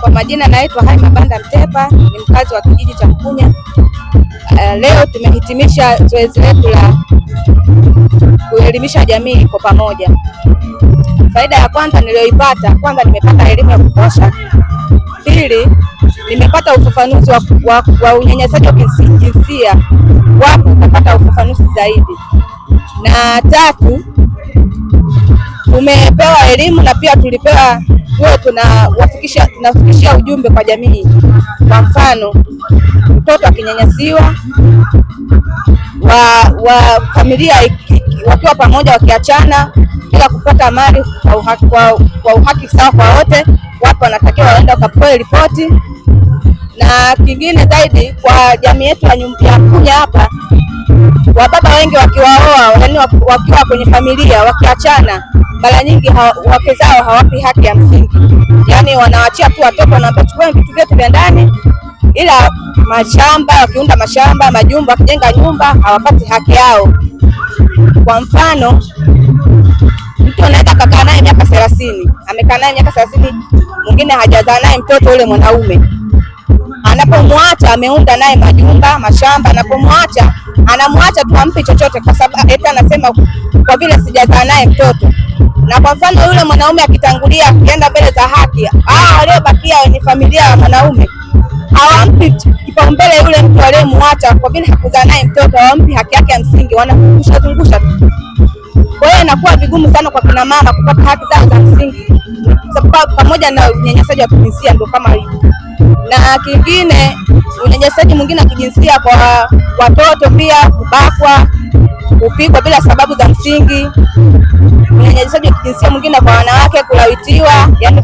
Kwa majina naitwa Hai Mabanda Mtepa, ni mkazi wa kijiji cha Mkunya. Uh, leo tumehitimisha zoezi letu la kuelimisha jamii kwa pamoja. Faida ya kwanza niliyoipata, kwanza nimepata elimu ya kutosha. Pili, nimepata ufafanuzi wa, wa, wa unyanyasaji wa kijinsia, wapo utapata ufafanuzi zaidi. Na tatu, tumepewa elimu na pia tulipewa huwa tunawafikisha tunafikishia ujumbe kwa jamii. Kwa mfano, mtoto akinyanyasiwa wa, wa familia wakiwa pamoja, wakiachana bila kupata mali kwa uhaki, kwa, kwa uhaki sawa kwa wote, watu wanatakiwa waende wakapoe ripoti. Na kingine zaidi kwa jamii yetu ya kunya hapa wababa wengi wakiwaoa, yaani wakiwa kwenye familia, wakiachana, mara nyingi wake zao hawapi haki ya msingi, yani wanawachia tu watoto, wanaambia chukua vitu vyetu vya ndani, ila mashamba, wakiunda mashamba, majumba, wakijenga nyumba, hawapati haki yao. Kwa mfano, mtu anaweza kakaa naye miaka thelathini, amekaa naye miaka thelathini, mwingine hajazaa naye mtoto ule mwanaume anapomwacha ameunda naye majumba mashamba, anapomwacha anamwacha tu ampe chochote, kwa sababu ah, eti anasema kwa vile sijazaa naye mtoto. Na kwa mfano yule mwanaume akitangulia akienda mbele za haki, ah, waliobakia ni familia ya mwanaume hawampi kipaumbele yule mtu aliyemwacha kwa vile hakuzaa naye mtoto, hawampi haki yake ya msingi, wanazungusha zungusha tu. Kwa hiyo inakuwa vigumu sana kwa kina mama kupata haki zao za msingi, pamoja na unyanyasaji wa kijinsia, ndio kama hivyo na kingine unyanyasaji mwingine wa kijinsia kwa watoto pia, kubakwa, kupigwa bila sababu za msingi, unyanyasaji wa kijinsia mwingine kwa wanawake, kulawitiwa, yani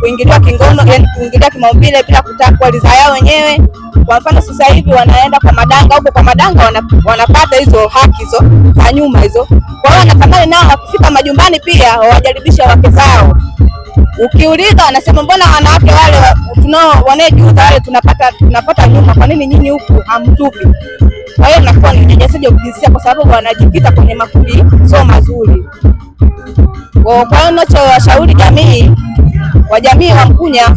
kuingiliwa kingono, yani kuingilia kimaumbile bila kutakwa ridhaa yao wenyewe. Kwa mfano sasa hivi wanaenda kwa madanga huko, kwa madanga wanapata hizo haki hizo za nyuma hizo. Kwa hiyo wanatamani nao wakifika majumbani pia wawajaribisha wake zao. Ukiuliza anasema mbona wanawake wale tunao wanaojiuza wale tunapata tunapata nyuma, kwa nini nyinyi huku hamtupi? Kwa hiyo nakuwa ni unyanyasaji wa kijinsia kwa sababu wanajikita kwenye makundi sio mazuri. Kwa hiyo washauri jamii wa jamii wa Mkunya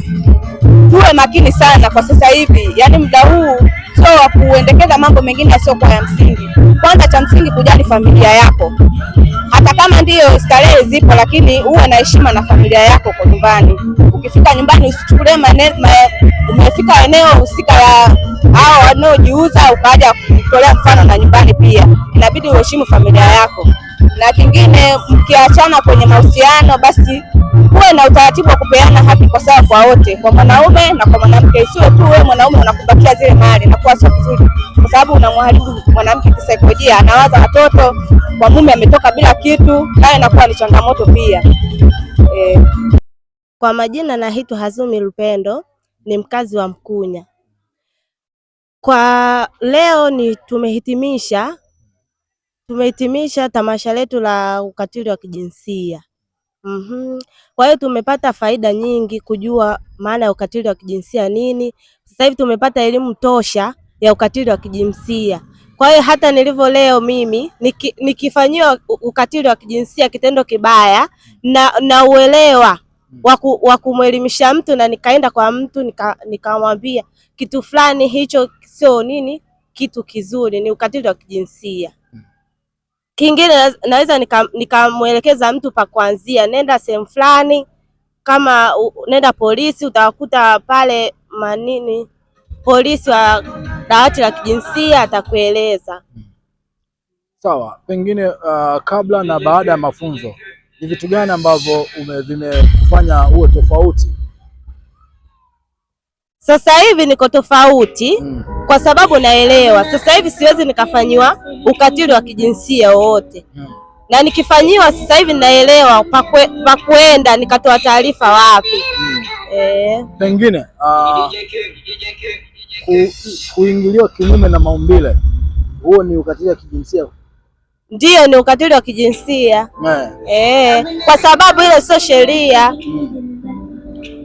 tuwe makini sana kwa sasa hivi, yaani muda huu sio wa kuendekeza mambo mengine yasiyokuwa ya msingi. Kwanza cha msingi kujali familia yako, hata kama ndiyo starehe zipo, lakini uwe na heshima na familia yako kwa nyumbani. Ukifika nyumbani usichukulie umefika eneo husika la hao wanaojiuza ukaja kutolea mfano, na nyumbani pia inabidi uheshimu familia yako. Na kingine mkiachana kwenye mahusiano basi kuwe na utaratibu wa kupeana haki kwa sawa kwa wote, kwa mwanaume na kwa mwanamke. Isiwe tu wewe mwanaume unakumbatia zile mali na kuwa sio vizuri, kwa sababu unamharibu mwanamke kisaikolojia, anawaza watoto, kwa mume ametoka bila kitu, naye inakuwa ni changamoto pia e. Kwa majina naitwa Hazumi Lupendo, ni mkazi wa Mkunya. Kwa leo ni tumehitimisha tumehitimisha tamasha letu la ukatili wa kijinsia. Mm-hmm. Kwa hiyo tumepata faida nyingi kujua maana ya ukatili wa kijinsia nini. Sasa hivi tumepata elimu tosha ya ukatili wa kijinsia. Kwa hiyo hata nilivyo leo mimi niki, nikifanyiwa ukatili wa kijinsia kitendo kibaya na, na uelewa wa kumwelimisha mtu na nikaenda kwa mtu nikamwambia nika kitu fulani hicho sio nini kitu kizuri, ni ukatili wa kijinsia. Kingine naweza nikamwelekeza nika mtu pa kuanzia, nenda sehemu fulani, kama nenda polisi, utawakuta pale manini, polisi wa dawati la kijinsia atakueleza. Sawa, pengine uh, kabla na baada ya mafunzo ni vitu gani ambavyo vimefanya uwe tofauti sasa hivi niko tofauti mm. kwa sababu naelewa sasa hivi siwezi nikafanyiwa ukatili wa kijinsia wowote mm. na nikifanyiwa sasa hivi naelewa pa kwenda nikatoa taarifa wapi mm. e. Pengine uh, kuingiliwa kinyume na maumbile huo ni ukatili wa kijinsia ndiyo, ni ukatili wa kijinsia E, kwa sababu ile sio sheria mm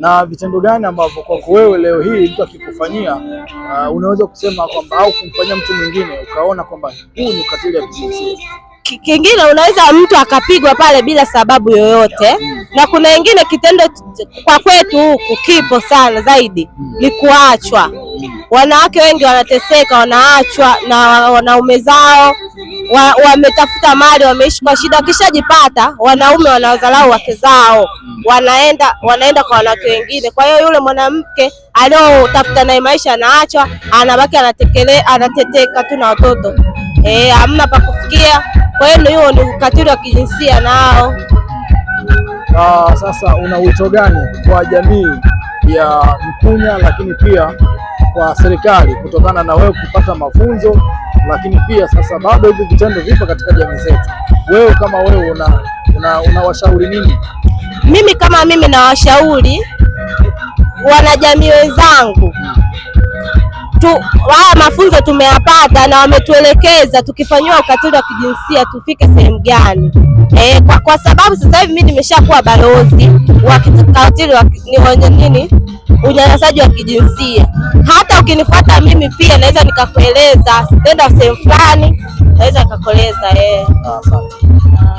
na vitendo gani ambavyo kwako wewe leo hii mtu akikufanyia, uh, unaweza kusema kwamba au kumfanyia mtu mwingine ukaona kwamba huu ni ukatili wa kijinsia. Kingine unaweza mtu akapigwa pale bila sababu yoyote mm. na kuna wengine kitendo kwa kwetu huku kipo sana zaidi mm. ni kuachwa mm. wanawake wengi wanateseka, wanaachwa na wanaume zao wametafuta wa mali, wameishi kwa shida, wakishajipata wanaume wanawadharau wake zao, wanaenda wanaenda kwa wanawake wengine. Kwa hiyo yule mwanamke aliotafuta naye maisha anaachwa, anabaki anatekele, anateteka tu na watoto e, hamna pa kufikia. Kwa hiyo hiyo ni ukatili wa kijinsia nao. Uh, sasa una wito gani kwa jamii ya Mkunya, lakini pia kwa serikali kutokana na wewe kupata mafunzo lakini pia sasa bado hivi vitendo vipo katika jamii zetu. Wewe kama wewe una, una, unawashauri nini? Mimi kama mimi nawashauri wanajamii wenzangu tu, haya mafunzo tumeyapata na wametuelekeza tukifanyiwa ukatili wa kijinsia tufike sehemu gani. E, kwa, kwa sababu sasa hivi mimi nimeshakuwa balozi wa ukatili wa nini unyanyasaji wa kijinsia. Hata ukinifuata mimi pia naweza nikakueleza, nenda sehemu fulani naweza nikakueleza eh.